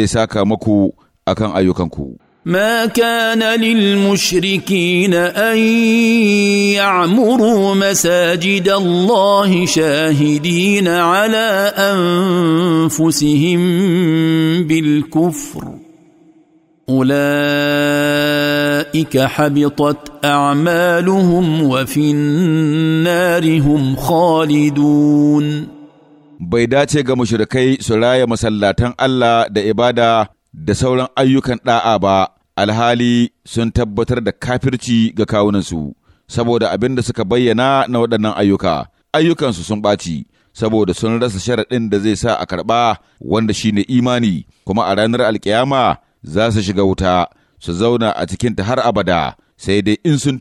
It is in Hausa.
zai saka maku akan ayyukanku. ما كان للمشركين أن يعمروا مساجد الله شاهدين على أنفسهم بالكفر أولئك حبطت أعمالهم وفي النار هم خالدون bai dace ga mushrikai su raya masallatan Allah da ibada da sauran ayyukan ɗa'a ba, alhali sun tabbatar da kafirci ga kawunansu, saboda abin da suka bayyana na waɗannan ayyuka, ayyukansu sun ɓaci, saboda sun rasa sharaɗin da zai sa a karɓa wanda shi ne imani, kuma a ranar alkiyama za su shiga wuta, su zauna a cikinta har abada, sai dai in sun